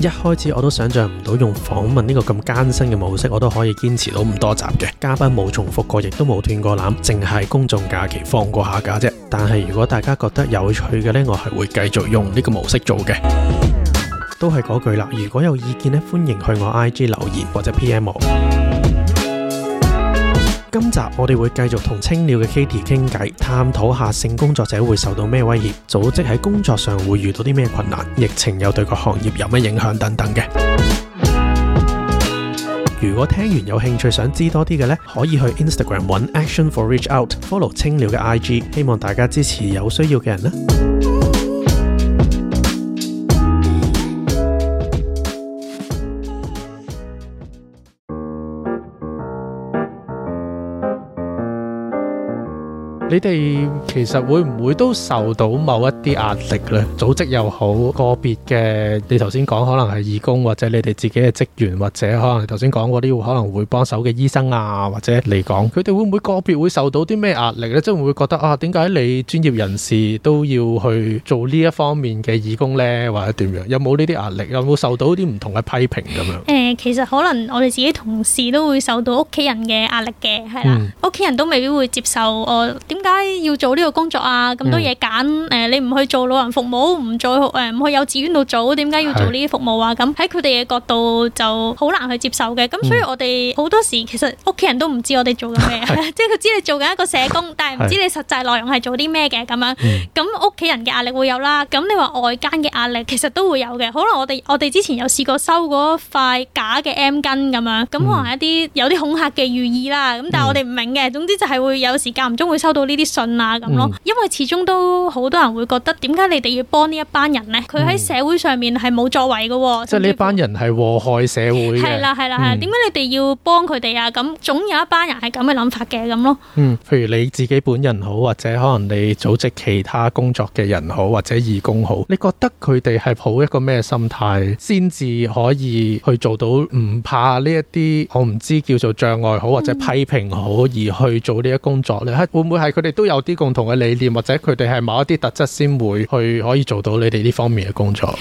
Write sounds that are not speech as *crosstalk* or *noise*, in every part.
一開始我都想像唔到用訪問呢個咁艱辛嘅模式，我都可以堅持到咁多集嘅。嘉賓冇重複過，亦都冇斷過纜，淨係公眾假期放過下假啫。但係如果大家覺得有趣嘅呢，我係會繼續用呢個模式做嘅。都係嗰句啦，如果有意見呢，歡迎去我 IG 留言或者 PM。今集我哋會繼續同青鳥嘅 Katie 傾偈，探討下性工作者會受到咩威脅，組織喺工作上會遇到啲咩困難，疫情又對個行業有咩影響等等嘅。 *music* 如果聽完有興趣想知多啲嘅呢，可以去 Instagram 搵「Action for Reach Out」，follow 青鳥嘅 IG，希望大家支持有需要嘅人啦。你哋其實會唔會都受到某一啲壓力呢？組織又好，個別嘅，你頭先講可能係義工，或者你哋自己嘅職員，或者可能頭先講嗰啲可能會幫手嘅醫生啊，或者嚟講，佢哋會唔會個別會受到啲咩壓力呢？即係會唔會覺得：「啊，點解你專業人士都要去做呢一方面嘅義工呢？」或者點樣？有冇呢啲壓力？有冇受到啲唔同嘅批評咁樣？誒、呃，其實可能我哋自己同事都會受到屋企人嘅壓力嘅，係啦，嗯、屋企人都未必會接受我點解要做呢個工作啊？咁多嘢揀，誒、嗯呃，你唔去做老人服務，唔做誒唔、呃、去幼稚園度做，點解要做呢啲服務啊？咁喺佢哋嘅角度就好難去接受嘅。咁、嗯、所以我哋好多時其實屋企人都唔知我哋做緊咩，即係佢知你做緊一個社工，但係唔知你實際內容係做啲咩嘅咁樣。咁屋企人嘅壓力會有啦。咁你話外間嘅壓力其實都會有嘅。可能我哋我哋之前有試過收嗰塊假嘅 M 巾咁樣，咁、嗯、可能係一啲有啲恐嚇嘅寓意啦。咁但係我哋唔明嘅，總之就係會有時間唔中會收到。呢啲信啊咁咯，因為始終都好多人會覺得，點解你哋要幫，一幫呢一班人咧？佢喺社會上面係冇作為嘅，即係呢班人係禍害社會嘅，係啦係啦係，點解、嗯、你哋要幫佢哋啊？咁總有一班人係咁嘅諗法嘅咁咯。嗯，譬如你自己本人好，或者可能你組織其他工作嘅人好，或者義工好，你覺得佢哋係抱一個咩心態，先至可以去做到唔怕呢一啲我唔知叫做障礙好，或者批評好，而去做呢一工作咧？嗯、會唔會係佢哋都有啲共同嘅理念，或者佢哋係某一啲特質先會去可以做到你哋呢方面嘅工作。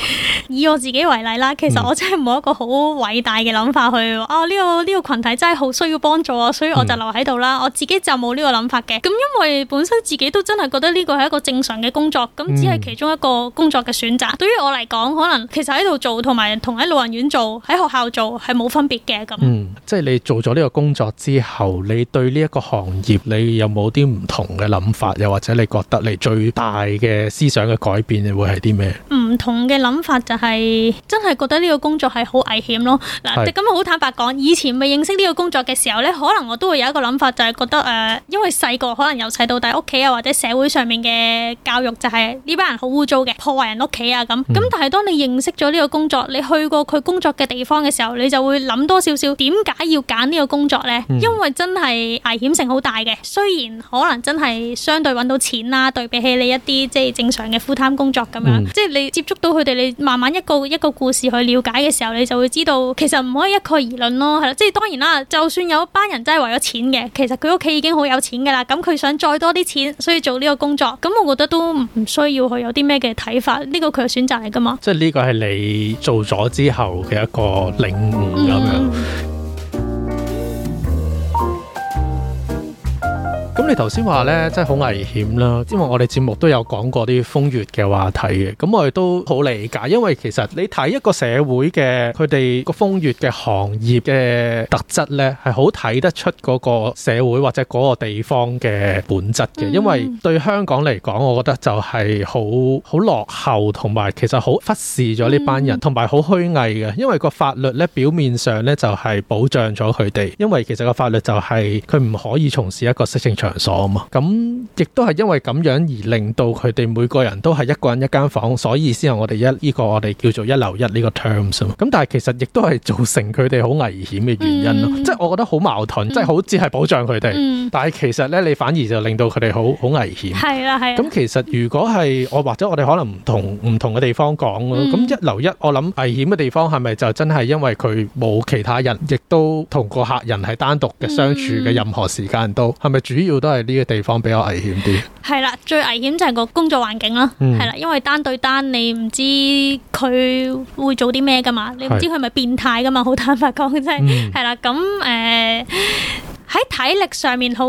以我自己為例啦，其實我真係冇一個好偉大嘅諗法去、嗯、哦呢、呢個呢、呢個群體真係好需要幫助啊，所以我就留喺度啦。嗯、我自己就冇呢個諗法嘅。咁因為本身自己都真係覺得呢個係一個正常嘅工作，咁只係其中一個工作嘅選擇。嗯、對於我嚟講，可能其實喺度做同埋同喺老人院做、喺學校做係冇分別嘅。咁，嗯，即、就、係、是、你做咗呢個工作之後，你對呢一個行業，你有冇啲唔同，嘅諗法，又或者你覺得你最大嘅思想嘅改變，你會係啲咩？唔同嘅諗法就係、是、真係覺得呢個工作係好危險咯。嗱是，咁好坦白講，以前未認識呢個工作嘅時候呢，可能我都會有一個諗法，就係覺得誒、呃，因為細個可能由細到大，屋企啊或者社會上面嘅教育就係呢班人好污糟嘅，破壞人屋企啊咁。咁但係當你認識咗呢個工作，你去過佢工作嘅地方嘅時候，你就會諗多少少，點解要揀呢個工作呢？嗯、因為真係危險性好大嘅，雖然可能真。係相對揾到錢啦，對比起你一啲即係正常嘅 full time 工作咁樣，嗯、即係你接觸到佢哋，你慢慢一個一個故事去了解嘅時候，你就會知道，其實唔可以一概而論咯，係啦，即係當然啦，就算有一班人真係為咗錢嘅，其實佢屋企已經好有錢噶啦，咁佢想再多啲錢，所以做呢個工作，咁我覺得都唔需要去有啲咩嘅睇法，呢、呢個佢嘅選擇嚟噶嘛。即係呢個係你做咗之後嘅一個領悟咁樣。咁你頭先話咧，真係好危險啦！因為我哋節目都有講過啲風月嘅話題嘅，咁我哋都好理解。因為其實你睇一個社會嘅佢哋個風月嘅行業嘅特質咧，係好睇得出嗰個社會或者嗰個地方嘅本質嘅。因為對香港嚟講，我覺得就係好好落後同埋其實好忽視咗呢班人，同埋好虛偽嘅。因為個法律咧，表面上咧就係保障咗佢哋，因為其實個法律就係佢唔可以從事一個色情場場所啊嘛，咁亦都係因為咁樣而令到佢哋每個人都係一個人一間房，所以先係我哋一呢個我哋叫做一樓一呢個 term。咁但係其實亦都係造成佢哋好危險嘅原因咯，即係我覺得好矛盾，即係好似係保障佢哋，但係其實咧你反而就令到佢哋好好危險。係啦係。咁其實如果係我或者我哋可能唔同唔同嘅地方講咯，咁一樓一我諗危險嘅地方係咪就真係因為佢冇其他人，亦都同個客人係單獨嘅相處嘅任何時間都係咪主要？都係呢個地方比較危險啲，係啦，最危險就係個工作環境咯，係啦、嗯，因為單對單你唔知佢會做啲咩噶嘛，你唔知佢係咪變態噶嘛，好坦白講，真係係啦，咁誒、嗯。喺體力上面好，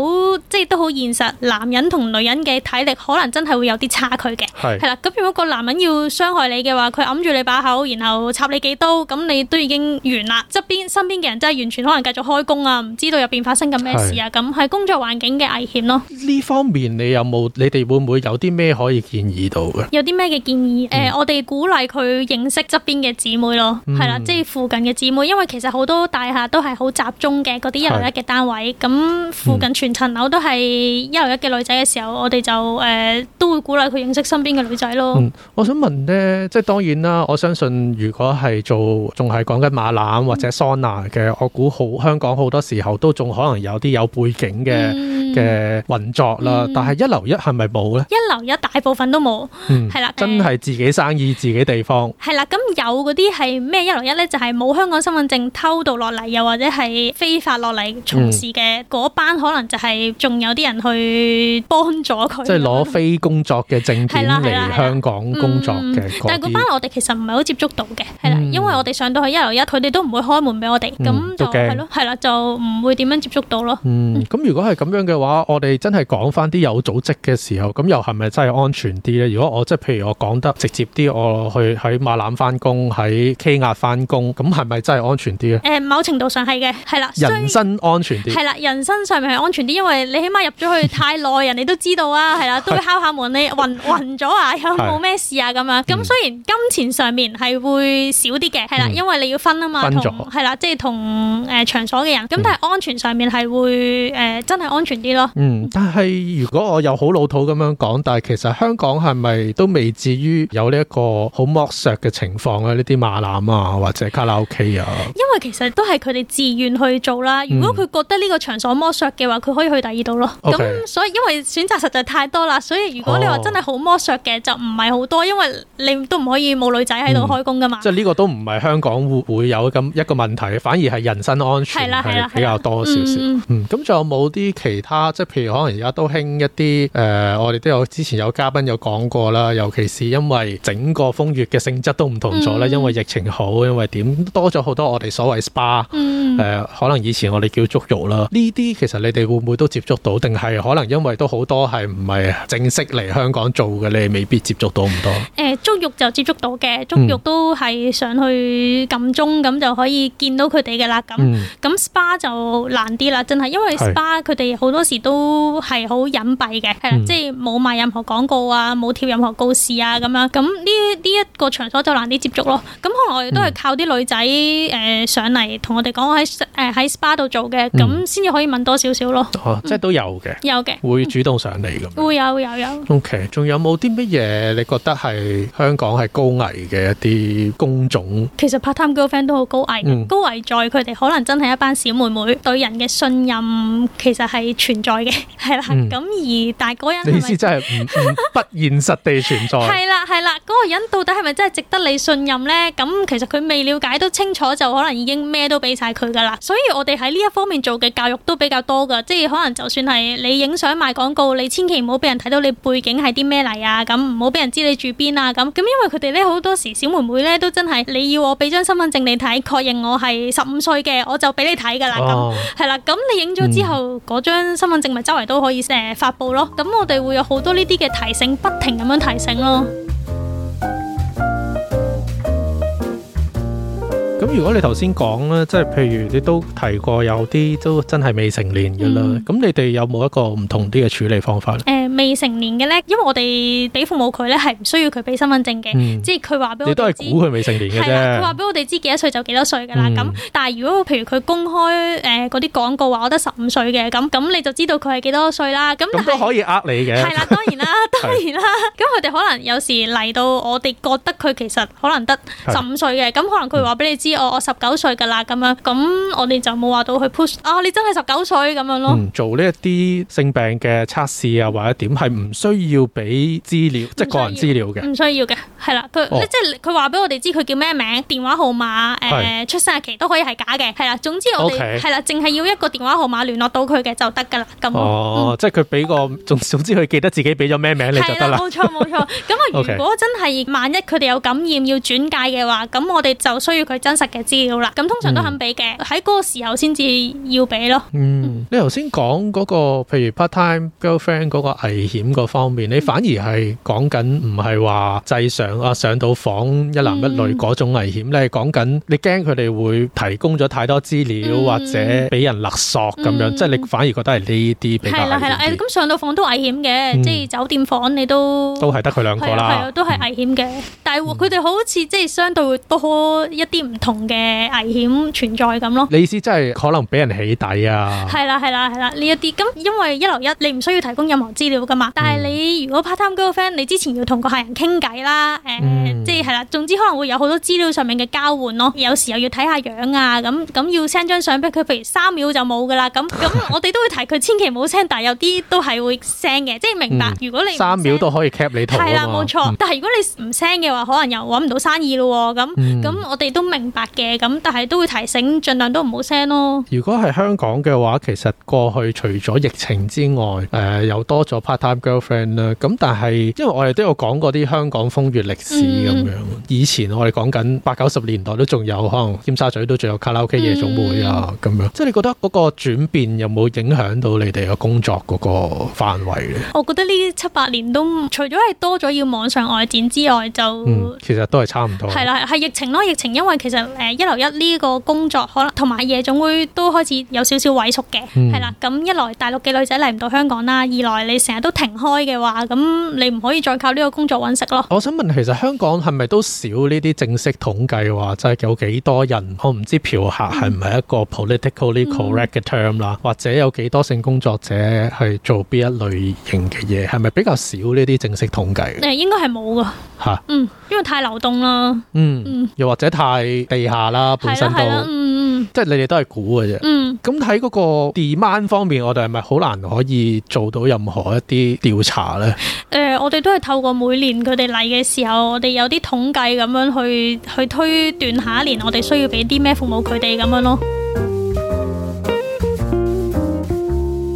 即係都好現實。男人同女人嘅體力可能真係會有啲差距嘅。係是。係啦，咁如果個男人要傷害你嘅話，佢揞住你把口，然後插你幾刀，咁你都已經完啦。側邊身邊嘅人真係完全可能繼續開工啊，唔知道入邊發生緊咩事啊。咁係是工作環境嘅危險咯。呢方面你有冇？你哋會唔會有啲咩可以建議到嘅？有啲咩嘅建議？誒、嗯呃，我哋鼓勵佢認識側邊嘅姊妹咯，係啦、嗯，即係附近嘅姊妹，因為其實好多大廈都係好集中嘅嗰啲一樓一嘅單位。咁附近全層樓都係一樓一嘅女仔嘅時候，我哋就誒、呃、都會鼓勵佢認識身邊嘅女仔咯、嗯。我想問咧，即係當然啦，我相信如果係做仲係講緊馬欄或者桑拿嘅，嗯、我估好香港好多時候都仲可能有啲有背景嘅嘅、嗯、運作啦。但係一樓一係咪冇呢？一樓一大部分都冇，係、嗯、 *laughs* 啦，嗯、真係自己生意自己地方。係、嗯、啦，咁有嗰啲係咩一樓一呢就係、是、冇香港身份證偷渡落嚟，又或者係非法落嚟從事嘅。嗯。誒，嗰班可能就係仲有啲人去幫咗佢，即係攞非工作嘅證件嚟香港工作嘅。但係嗰班我哋其實唔係好接觸到嘅，係啦，因為我哋上到去一樓一，佢哋都唔會開門俾我哋，咁就係咯，係啦，就唔會點樣接觸到咯。嗯，咁如果係咁樣嘅話，我哋真係講翻啲有組織嘅時候，咁又係咪真係安全啲咧？如果我即係譬如我講得直接啲，我去喺馬欄翻工，喺 K 亞翻工，咁係咪真係安全啲咧？誒，某程度上係嘅，係啦，人身安全啲，係啦。人身上面係安全啲，因為你起碼入咗去太耐， *laughs* 人哋都知道啊，係啦、啊，都會敲下門，你暈暈咗啊，又冇咩事啊咁、 *laughs* 嗯、樣。咁雖然金錢上面係會少啲嘅，係啦、啊，因為你要分啊嘛，同係啦，即係同誒場所嘅人。咁但係安全上面係會誒、呃、真係安全啲咯。嗯，但係如果我又好老土咁樣講，但係其實香港係咪都未至於有呢一個好剝削嘅情況咧？呢啲馬欄啊，或者卡拉 O、OK、K 啊？因為其實都係佢哋自願去做啦。如果佢覺得呢、呢個場所剝削嘅話，佢可以去第二度咯。咁 Okay. 所以因為選擇實在太多啦，所以如果你話真係好剝削嘅，oh. 就唔係好多，因為你都唔可以冇女仔喺度開工噶嘛。嗯、即係呢個都唔係香港會會有咁一個問題，反而係人身安全係啦係啦比較多少少。咁仲有冇啲其他？即係譬如可能而家都興一啲誒、呃，我哋都有之前有嘉賓有講過啦。尤其是因為整個風月嘅性質都唔同咗咧，嗯、因為疫情好，因為點多咗好多我哋所謂 SPA 誒，可能以前我哋叫足浴啦。呢啲其實你哋會唔會都接觸到？定係可能因為都好多係唔係正式嚟香港做嘅，你未必接觸到唔多。誒足浴就接觸到嘅，足浴都係上去撳鍾咁就可以見到佢哋嘅啦。咁咁 SPA 就難啲啦，真係，因為 SPA 佢哋好多時都係好隱蔽嘅，係、嗯、即係冇賣任何廣告啊，冇貼任何告示啊咁樣。咁呢呢一個場所就難啲接觸咯。咁可能我哋都係靠啲女仔誒、呃、上嚟同我哋講，我喺誒喺 SPA 度做嘅咁。嗯先至可以問多少少咯，即係都有嘅，有嘅會主動上嚟咁。會有，會有，有。OK，仲有冇啲乜嘢你覺得係香港係高危嘅一啲工種？其實 part-time girlfriend 都好高危，高危在佢哋可能真係一班小妹妹對人嘅信任其實係存在嘅，係啦。咁而大個人意思真係唔唔不現實地存在。係啦，係啦，嗰個人到底係咪真係值得你信任呢？咁其實佢未了解都清楚就可能已經咩都俾曬佢噶啦。所以我哋喺呢一方面做嘅。教育都比較多噶，即係可能就算係你影相賣廣告，你千祈唔好俾人睇到你背景係啲咩嚟啊，咁唔好俾人知你住邊啊，咁咁因為佢哋咧好多時小妹妹咧都真係你要我俾張身份證你睇，確認我係十五歲嘅，我就俾你睇噶啦，咁係啦，咁你影咗之後嗰張，嗯、身份證咪周圍都可以誒發布咯，咁我哋會有好多呢啲嘅提醒，不停咁樣提醒咯。如果你頭先講啦，即係譬如你都提過有啲都真係未成年噶啦，咁、嗯、你哋有冇一個唔同啲嘅處理方法咧？未成年嘅咧，因為我哋俾父母佢咧係唔需要佢俾身份證嘅，嗯、即係佢話俾我哋都係估佢未成年嘅啫。佢話俾我哋知幾多歲就幾多歲㗎啦。咁、嗯、但係如果譬如佢公開誒嗰啲廣告話我得十五歲嘅咁，咁你就知道佢係幾多歲啦。咁都可以呃你嘅。係 *laughs* 啦，當然啦，當然啦。咁佢哋可能有時嚟到我哋覺得佢其實可能得十五歲嘅，咁是可能佢話俾你知、嗯哦、我我十九歲㗎啦。咁樣咁我哋就冇話到去 push 啊，你真係十九歲咁樣咯、嗯。做呢一啲性病嘅測試啊，或者。點係唔需要俾資料，即係個人資料嘅？唔需要嘅，係啦。佢即係佢話俾我哋知佢叫咩名、電話號碼、誒出生日期都可以係假嘅，係啦。總之我哋係啦，淨係要一個電話號碼聯絡到佢嘅就得㗎啦。咁哦，即係佢俾個總總之佢記得自己俾咗咩名你就得啦。冇錯冇錯。咁啊，如果真係萬一佢哋有感染要轉介嘅話，咁我哋就需要佢真實嘅資料啦。咁通常都肯俾嘅，喺嗰個時候先至要俾咯。嗯，你頭先講嗰個譬如 part-time girlfriend 嗰個係。危險個方面，你反而係講緊唔係話制上啊，上到房一男一女嗰種危險咧，講緊你驚佢哋會提供咗太多資料或者俾人勒索咁樣，即係你反而覺得係呢啲比較係危險啲。係啦係啦，誒咁上到房都危險嘅，即係酒店房你都都係得佢兩個啦，係啊都係危險嘅，但係佢哋好似即係相對會多一啲唔同嘅危險存在咁咯。你意思即係可能俾人起底啊？係啦係啦係啦呢一啲，咁因為一樓一你唔需要提供任何資料。噶嘛，嗯、但係你如果 part-time girlfriend 你之前要同個客人傾偈啦，誒、呃，嗯、即係係啦，總之可能會有好多資料上面嘅交換咯，有時又要睇下樣啊，咁咁要 send 張相俾佢，譬如三秒就冇噶啦，咁咁 *laughs* 我哋都會提佢千祈唔好 send，但係有啲都係會 send 嘅，即係明白。嗯、如果你三秒都可以 capture 你圖、啊，係啦，冇錯、嗯。但係如果你唔 send 嘅話，可能又搵唔到生意咯，咁咁、嗯、我哋都明白嘅，咁但係都會提醒，盡量都唔好 send 咯。如果係香港嘅話，其實過去除咗疫情之外，誒、呃、又、呃呃、多咗 part-time girlfriend 啦，咁但係因為我哋都有講過啲香港風月歷史咁樣，以前我哋講緊八九十年代都仲有，可能尖沙咀都仲有卡拉 OK 夜總會啊咁樣。即係你覺得嗰個轉變有冇影響到你哋嘅工作嗰個範圍咧？我覺得呢七八年都除咗係多咗要網上外展之外，就其實都係差唔多。係啦，係疫情咯，疫情因為其實誒一樓一呢個工作可能同埋夜總會都開始有少少萎縮嘅，係啦。咁一來大陸嘅女仔嚟唔到香港啦，二來你成日都停開嘅話，咁你唔可以再靠呢個工作揾食咯。我想問，其實香港係咪都少呢啲正式統計話，即係有幾多人？我唔知嫖客係唔係一個 politically correct 嘅 term 啦，嗯，或者有幾多性工作者去做邊一類型嘅嘢？係咪比較少呢啲正式統計？誒，應該係冇噶吓，哈？嗯，因為太流動啦，嗯，嗯又或者太地下啦，本身都。即係你哋都係估嘅啫。嗯，咁喺嗰個 demand 方面，我哋係咪好難可以做到任何一啲調查咧？誒、呃，我哋都係透過每年佢哋嚟嘅時候，我哋有啲統計咁樣去去推斷下一年我哋需要俾啲咩服務佢哋咁樣咯。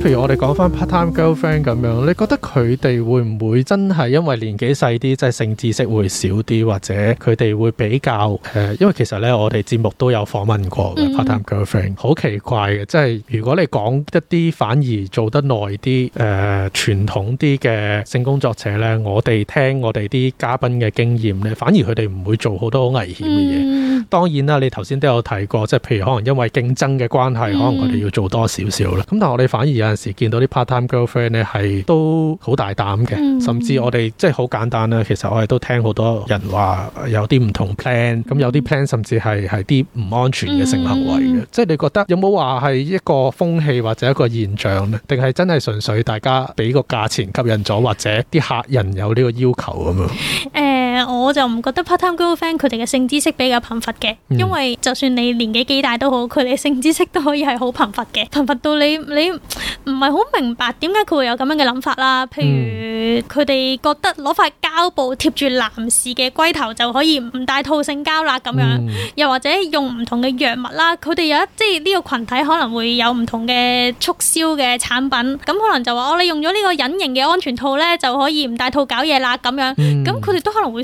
譬如我哋講翻 part-time girlfriend 咁樣，你覺得佢哋會唔會真係因為年紀細啲，即係性知識會少啲，或者佢哋會比較誒、呃，因為其實咧，我哋節目都有訪問過 part-time girlfriend，Mm-hmm. 好奇怪嘅，即係如果你講一啲反而做得耐啲誒傳統啲嘅性工作者咧，我哋聽我哋啲嘉賓嘅經驗咧，反而佢哋唔會做好多好危險嘅嘢。Mm hmm. 當然啦，你頭先都有提過，即係譬如可能因為競爭嘅關係，可能佢哋要做多少少啦。Mm hmm. 咁但係我哋反而啊～時見到啲 part-time girlfriend 咧，係都好大膽嘅，甚至我哋即係好簡單啦。其實我哋都聽好多人話有啲唔同 plan，咁有啲 plan 甚至係係啲唔安全嘅性行為嘅。嗯、即係你覺得有冇話係一個風氣或者一個現象咧？定係真係純粹大家俾個價錢吸引咗，或者啲客人有呢個要求咁啊？誒。我就唔覺得 part-time girlfriend 佢哋嘅性知識比較貧乏嘅，因為就算你年紀幾大都好，佢哋性知識都可以係好貧乏嘅，貧乏到你你唔係好明白點解佢會有咁樣嘅諗法啦。譬如佢哋覺得攞塊膠布貼住男士嘅龜頭就可以唔戴套性交啦咁樣，又或者用唔同嘅藥物啦。佢哋有一，即係呢個群體可能會有唔同嘅促銷嘅產品，咁可能就話哦，你用咗呢個隱形嘅安全套咧就可以唔戴套搞嘢啦咁樣，咁佢哋都可能會。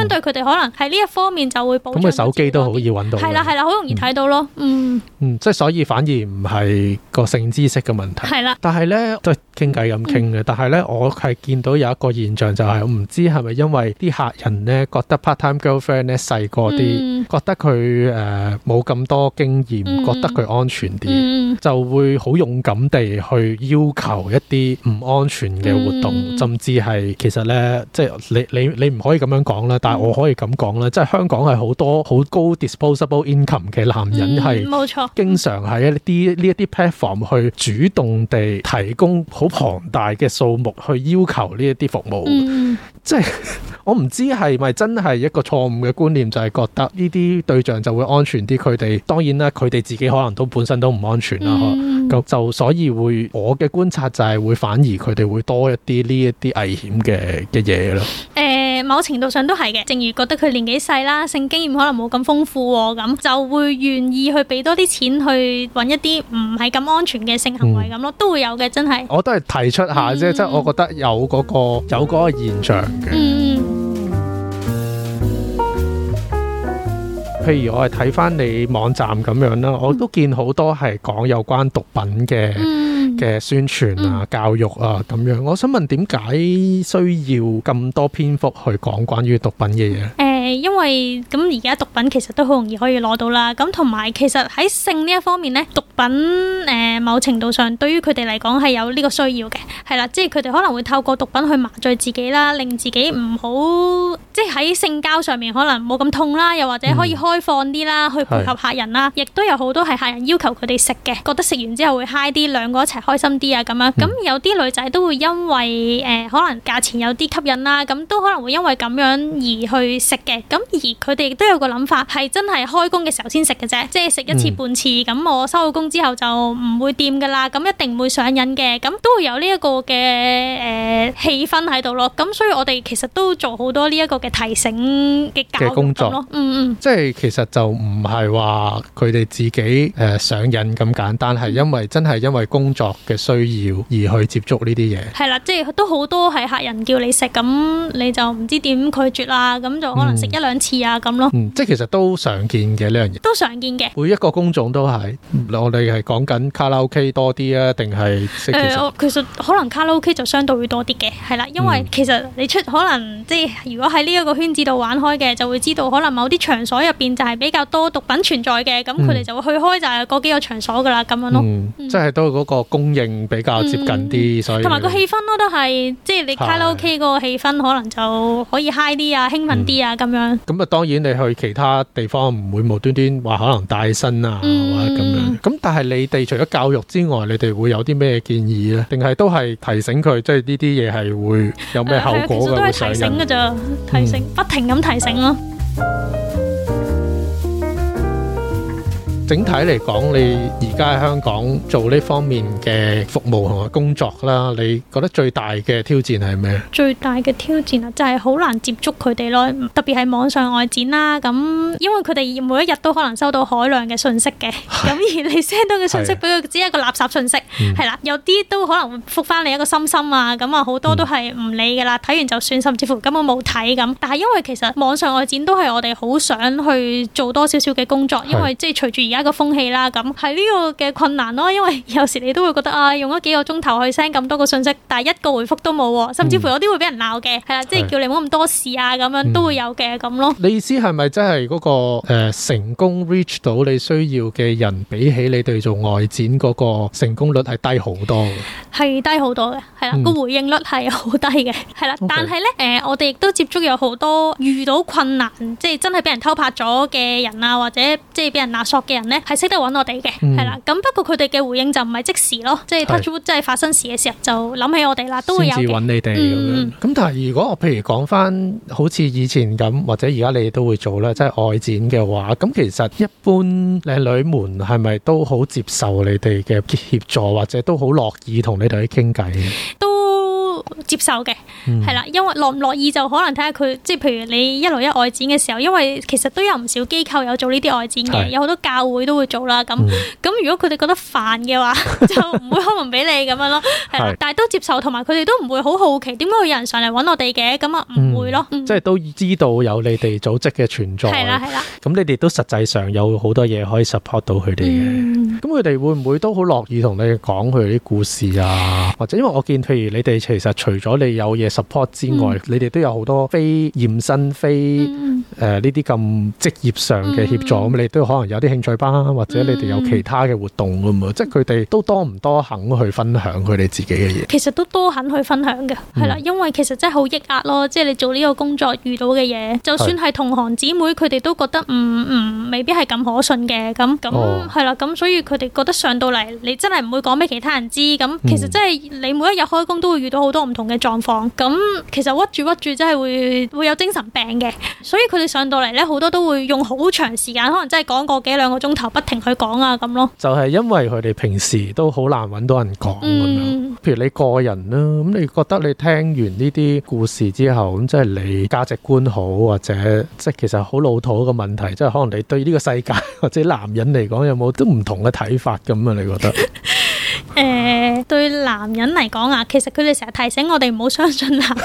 針對佢哋可能喺呢一方面就會補充，咁佢、嗯、手機都好易揾到，係啦係啦，好容易睇到咯。到嗯嗯，嗯，即係所以反而唔係個性知識嘅問題。係啦的，但係咧都係傾偈咁傾嘅。嗯、但係咧，我係見到有一個現象就係、我，唔知係咪因為啲客人咧覺得 part-time girlfriend 咧細個啲，覺得佢誒冇咁多經驗，嗯、覺得佢安全啲，嗯、就會好勇敢地去要求一啲唔安全嘅活動，嗯、甚至係其實咧即係你你你唔可以咁樣講啦，我可以咁講啦，即係香港係好多好高 disposable income 嘅男人係，冇錯，經常喺一啲呢一啲 platform 去主動地提供好龐大嘅數目去要求呢一啲服務。嗯、即係我唔知係咪真係一個錯誤嘅觀念，就係、係、覺得呢啲對象就會安全啲。佢哋當然啦，佢哋自己可能都本身都唔安全啦。咁、嗯、就所以會，我嘅觀察就係會反而佢哋會多一啲呢一啲危險嘅嘅嘢咯。誒、呃，某程度上都係嘅。正如覺得佢年紀細啦，性經驗可能冇咁豐富喎，咁就會願意去俾多啲錢去揾一啲唔係咁安全嘅性行為咁咯、嗯，都會有嘅，真係。我都係提出下啫，即係、嗯、我覺得有嗰、嗰個有嗰個現象嘅。嗯。譬如我係睇翻你網站咁樣啦，我都見好多係講有關毒品嘅、嗯。嗯嘅宣傳啊、教育啊咁樣，我想問點解需要咁多篇幅去講關於毒品嘅嘢？嗯因為咁而家毒品其實都好容易可以攞到啦。咁同埋其實喺性呢一方面呢，毒品誒某程度上對於佢哋嚟講係有呢個需要嘅。係啦，即係佢哋可能會透過毒品去麻醉自己啦，令自己唔好即係喺性交上面可能冇咁痛啦，又或者可以開放啲啦，嗯、去配合客人啦。亦係都有好多係客人要求佢哋食嘅，覺得食完之後會嗨啲，兩個一齊開心啲啊咁樣。咁、嗯、有啲女仔都會因為誒、呃、可能價錢有啲吸引啦，咁都可能會因為咁樣而去食嘅。咁而佢哋亦都有個諗法，係真係開工嘅時候先食嘅啫，即係食一次半次。咁我收咗工之後就唔會掂噶啦，咁一定唔會上癮嘅。咁都會有呢一個嘅誒氣氛喺度咯。咁所以我哋其實都做好多呢一個嘅提醒嘅工作咯。嗯嗯，即係其實就唔係話佢哋自己誒上癮咁簡單，係因為真係因為工作嘅需要而去接觸呢啲嘢。係啦，即係都好多係客人叫你食，咁你就唔知點拒絕啦，咁就可能。食一兩次啊，咁咯。即係其實都常見嘅呢樣嘢。都常見嘅，每一個工種都係。我哋係講緊卡拉 OK 多啲啊，定係？食。其實可能卡拉 OK 就相對會多啲嘅，係啦，因為其實你出可能即係如果喺呢一個圈子度玩開嘅，就會知道可能某啲場所入邊就係比較多毒品存在嘅，咁佢哋就會去開就係嗰幾個場所噶啦，咁樣咯。即係都嗰個供應比較接近啲，同埋個氣氛咯，都係即係你卡拉 OK 嗰個氣氛，可能就可以 high 啲啊，興奮啲啊咁。咁啊，當然你去其他地方唔會無端端話可能帶薪啊，咁樣。咁但係你哋除咗教育之外，你哋會有啲咩建議咧？定係都係提醒佢，即係呢啲嘢係會有咩後果嘅？其實都係提醒噶咋，提醒，不停咁提醒咯。整體嚟講，你而家喺香港做呢方面嘅服務同埋工作啦，你覺得最大嘅挑戰係咩？最大嘅挑戰啊，就係好難接觸佢哋咯，特別係網上外展啦。咁因為佢哋每一日都可能收到海量嘅信息嘅，咁 *laughs* 而你 send 到嘅信息俾佢、 *laughs* 啊、只係一個垃圾信息，係啦、嗯啊，有啲都可能覆翻你一個心心啊，咁啊好多都係唔理噶啦，睇、嗯、完就算，甚至乎根本冇睇咁。但係因為其實網上外展都係我哋好想去做多少少嘅工作，因為即係隨住而家。一個風氣啦，咁係呢個嘅困難咯，因為有時你都會覺得啊、哎，用咗幾個鐘頭去 send 咁多個信息，但係一個回覆都冇，甚至乎有啲會俾人鬧嘅，係啦、嗯，即係是叫你唔好咁多事啊，咁樣、嗯、都會有嘅咁咯。你意思係咪真係嗰、那個誒、呃、成功 reach 到你需要嘅人，比起你哋做外展嗰個成功率係低好多嘅？係低好多嘅，係啦，個、嗯、回應率係好低嘅，係啦。嗯、但係咧，誒、呃，我哋亦都接觸有好多遇到困難，即係真係俾人偷拍咗嘅人啊，或者即係俾人勒索嘅人。咧係識得搵我哋嘅，係啦、嗯。咁不過佢哋嘅回應就唔係即時咯，是即係 touchwood 即係發生事嘅時候就諗起我哋啦，都會有你哋，咁、嗯、但係如果我譬如講翻好似以前咁，或者而家你都會做咧，即係外展嘅話，咁其實一般靚女們係咪都好接受你哋嘅協助，或者都好樂意同你哋去傾偈？接受嘅係啦，嗯、因為樂唔樂意就可能睇下佢，即係譬如你一路一外展嘅時候，因為其實都有唔少機構有做呢啲外展嘅，是有好多教會都會做啦。咁咁、嗯、如果佢哋覺得煩嘅話， *laughs* 就唔會開門俾你咁樣咯。係是但係都接受，同埋佢哋都唔會好好奇，點解會有人上嚟搵我哋嘅？咁啊唔會咯，嗯嗯、即係都知道有你哋組織嘅存在係啦係啦。咁、嗯、 *laughs* 你哋都實際上有好多嘢可以 support 到佢哋嘅。咁佢哋會唔會都好樂意同你講佢哋啲故事啊？或者因為我見譬如你哋其實除。除咗你有嘢 support 之外，嗯、你哋都有好多非驗身、非誒呢啲咁職業上嘅協助。咁、嗯、你都可能有啲興趣班，或者你哋有其他嘅活動咁啊！嗯、即係佢哋都多唔多肯去分享佢哋自己嘅嘢？其實都多肯去分享嘅，係、嗯、啦，因為其實真係好抑壓咯。即係你做呢個工作遇到嘅嘢，就算係同行姊妹，佢哋都覺得唔唔、嗯嗯、未必係咁可信嘅。咁咁係啦，咁所以佢哋覺得上到嚟，你真係唔會講俾其他人知。咁其實真係你每一日開工都會遇到好多唔同，嘅狀況，咁其實屈住屈住，真係會會有精神病嘅，所以佢哋上到嚟呢，好多都會用好長時間，可能真係講個幾兩個鐘頭，不停去講啊咁咯。就係因為佢哋平時都好難揾到人講咁樣。嗯、譬如你個人啦，咁你覺得你聽完呢啲故事之後，咁即係你價值觀好，或者即係其實好老土嘅問題，即係可能你對呢個世界或者男人嚟講有冇都唔同嘅睇法咁啊？你覺得？ *laughs* 誒、欸，對男人嚟講啊，其實佢哋成日提醒我哋唔好相信男人，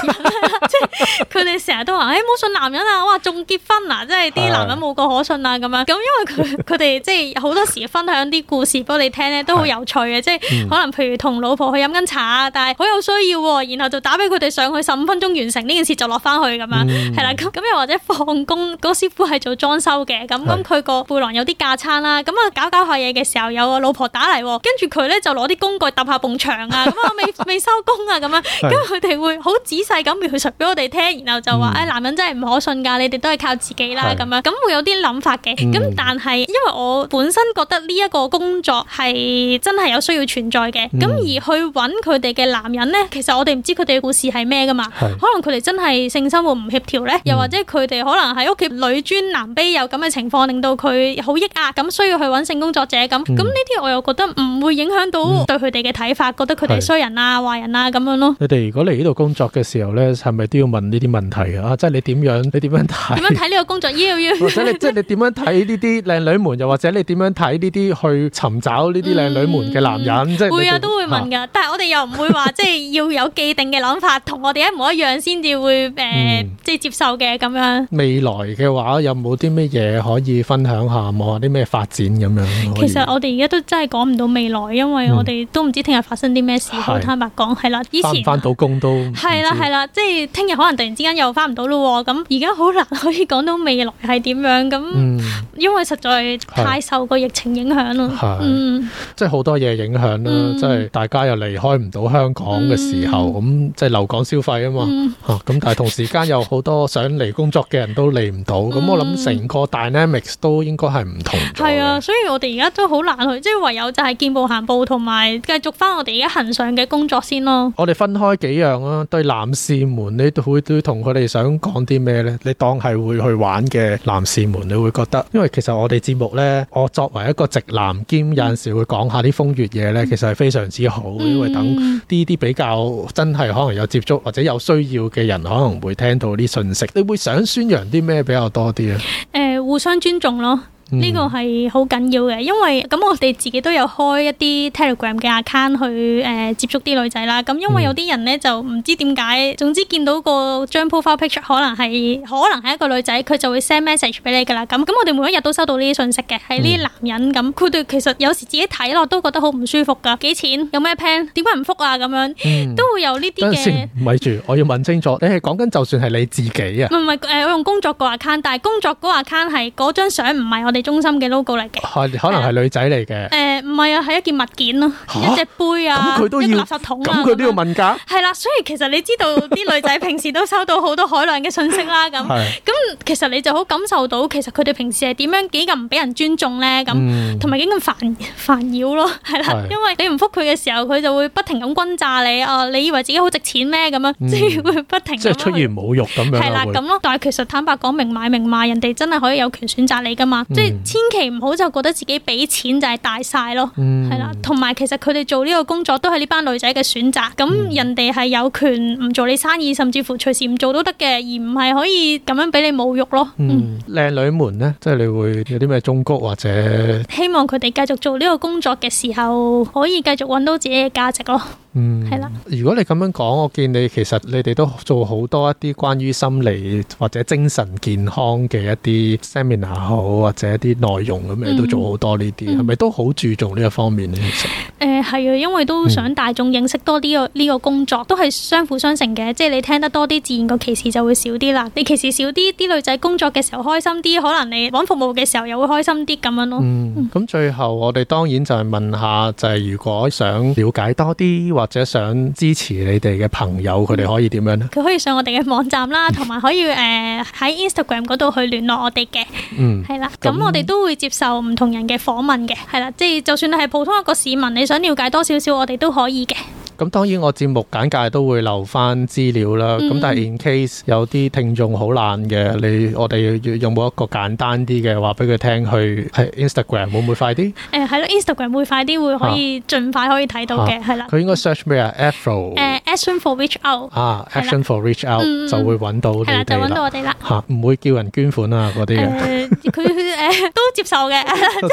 即係佢哋成日都話，誒、欸，唔好信男人啊，哇，仲結婚啊，即係啲男人冇個可信啊，咁 *laughs* 樣，咁因為佢佢哋即係好多時分享啲故事俾我哋聽咧，都好有趣嘅，即係可能譬如同老婆去飲緊茶啊，但係好有需要，然後就打俾佢哋上去十五分鐘完成呢件事就落翻去咁樣，係啦， *laughs* 咁咁又或者放工，嗰、那個、師傅係做裝修嘅，咁咁佢個背囊有啲架撐啦，咁、嗯、啊搞搞下嘢嘅時候有個老婆打嚟，跟住佢咧就攞。啲工具搭下埲牆啊，咁我未未收工啊，咁樣，咁佢哋會好仔細咁描述俾我哋聽，然後就話，誒，男人真係唔可信噶你哋都係靠自己啦，咁樣，咁會有啲諗法嘅，咁但係因為我本身覺得呢一個工作係真係有需要存在嘅，咁而去揾佢哋嘅男人呢，其實我哋唔知佢哋嘅故事係咩噶嘛，可能佢哋真係性生活唔協調呢，又或者佢哋可能喺屋企女尊男卑有咁嘅情況，令到佢好抑壓，咁需要去揾性工作者咁，咁呢啲我又覺得唔會影響到。對佢哋嘅睇法，覺得佢哋衰人啊、壞是人啊咁樣咯。你哋如果嚟呢度工作嘅時候咧，係咪都要問呢啲問題啊？即係你點樣？你點樣睇？點樣睇呢個工作？要要 *laughs* 或者你即係 *laughs* 你點樣睇呢啲靚女們？又或者你點樣睇呢啲去尋找呢啲靚女們嘅男人？嗯嗯、即係會啊，都會問噶。啊、但係我哋又唔會話即係要有既定嘅諗法，同我哋一模一樣先至會誒，呃嗯、即係接受嘅咁樣。未來嘅話有冇啲乜嘢可以分享下？望下啲咩發展咁樣？其實我哋而家都真係講唔到未來，因為我、嗯。我都唔知聽日發生啲咩事。好是坦白講，係啦，以前翻、啊、到工都係啦係啦，即係聽日可能突然之間又翻唔到咯，咁而家好難可以講到未來係點樣，咁、嗯，因為實在太受個疫情影響啦。的嗯，即係好多嘢影響啦，嗯、即係大家又離開唔到香港嘅時候，咁、嗯、即係留港消費、嗯、啊嘛嚇。咁但係同時間有好多想嚟工作嘅人都嚟唔到。咁、嗯、我諗成個 dynamics 都應該係唔同。係啊，所以我哋而家都好難去，即係唯有就係見步行步同埋。繼續翻我哋而家恆常嘅工作先咯。我哋分開幾樣啊，對男士們，你會對同佢哋想講啲咩呢？你當係會去玩嘅男士們，你會覺得，因為其實我哋節目呢，我作為一個直男兼有陣時會講下啲風月嘢呢，其實係非常之好，因為等呢啲比較真係可能有接觸或者有需要嘅人，可能會聽到啲信息。你會想宣揚啲咩比較多啲咧？呃，互相尊重咯。呢個係好緊要嘅，因為咁我哋自己都有開一啲 Telegram 嘅 account 去誒接觸啲女仔啦。咁、嗯、因為有啲人咧就唔知點解，總之見到個張 profile picture 可能係可能係一個女仔，佢就會 send message 俾你㗎啦。咁咁我哋每一日都收到呢啲信息嘅，係呢啲男人咁，佢對、嗯、其實有時自己睇落都覺得好唔舒服㗎。幾錢？有咩 plan？點解唔復啊？咁樣、嗯、都會有呢啲嘅。等先，咪住，我要問清楚，你係講緊就算係你自己啊？唔係、嗯、我用工作個 account，但係工作嗰個 account 係嗰張相唔係我哋。中心嘅 logo 嚟嘅，可能係女仔嚟嘅。誒，唔係啊，係一件物件咯，一隻杯啊，咁佢都要垃圾桶啊，咁佢都要問價。係啦，所以其實你知道啲女仔平時都收到好多海量嘅信息啦，咁咁其實你就好感受到，其實佢哋平時係點樣幾咁唔俾人尊重咧，咁同埋幾咁煩煩擾咯，係啦。因為你唔覆佢嘅時候，佢就會不停咁轟炸你啊！你以為自己好值錢咩？咁樣即係會不停。即係出現侮辱咁樣。係啦，咁咯。但係其實坦白講，明買明賣，人哋真係可以有權選擇你噶嘛？嗯、千祈唔好就覺得自己俾錢就係大晒咯，係啦、嗯，同埋其實佢哋做呢個工作都係呢班女仔嘅選擇，咁、嗯、人哋係有權唔做你生意，甚至乎隨時唔做都得嘅，而唔係可以咁樣俾你侮辱咯。嗯，靚、嗯、女們呢，即係你會有啲咩忠告或者？希望佢哋繼續做呢個工作嘅時候，可以繼續揾到自己嘅價值咯。嗯。如果你咁樣講，我見你其實你哋都做好多一啲關於心理或者精神健康嘅一啲 seminar 好，或者一啲內容咁，嗯、你都做好多呢啲，係咪、嗯、都好注重呢一方面呢？其實誒係啊，因為都想大眾認識多啲個呢個工作，嗯、都係相輔相成嘅。即係你聽得多啲，自然個歧視就會少啲啦。你歧視少啲，啲女仔工作嘅時候開心啲，可能你搵服務嘅時候又會開心啲咁樣咯。嗯，咁、嗯嗯、最後我哋當然就係問下，就係、是、如果想了解多啲或者想支持你哋嘅朋友，佢哋可以點樣咧？佢可以上我哋嘅網站啦，同埋 *laughs* 可以誒喺、呃、Instagram 度去聯絡我哋嘅。嗯，係啦的，咁、嗯、我哋都會接受唔同人嘅訪問嘅。係啦，即係就算你係普通一個市民，你想了解多少少，我哋都可以嘅。咁當然我節目簡介都會留翻資料啦。咁但係 in case 有啲聽眾好懶嘅，你我哋有冇一個簡單啲嘅話俾佢聽去喺 Instagram 會唔會快啲？誒係啦，Instagram 會快啲，會可以盡快可以睇到嘅，係啦。佢應該 search 咩啊？Action for Reach Out。誒，Action for Reach Out。啊，Action for Reach Out 就會揾到。係啦，就揾到我哋啦。嚇，唔會叫人捐款啊嗰啲。誒，佢誒都接受嘅，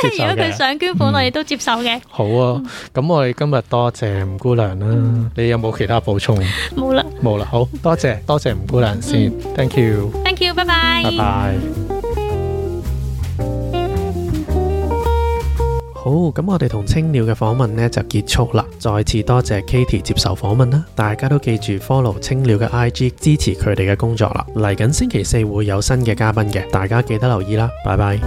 即係如果佢想捐款，我哋都接受嘅。好啊，咁我哋今日多謝吳姑娘啦。嗯，你有冇其他補充？冇啦，冇啦， *laughs* 好多謝多謝吳姑娘先，嗯，Thank you，Thank you，拜拜，拜拜。好，咁我哋同青鳥嘅訪問呢就結束啦。再次多謝 Katie 接受訪問啦，大家都記住 follow 青鳥嘅 IG，支持佢哋嘅工作啦。嚟緊星期四會有新嘅嘉賓嘅，大家記得留意啦。拜拜。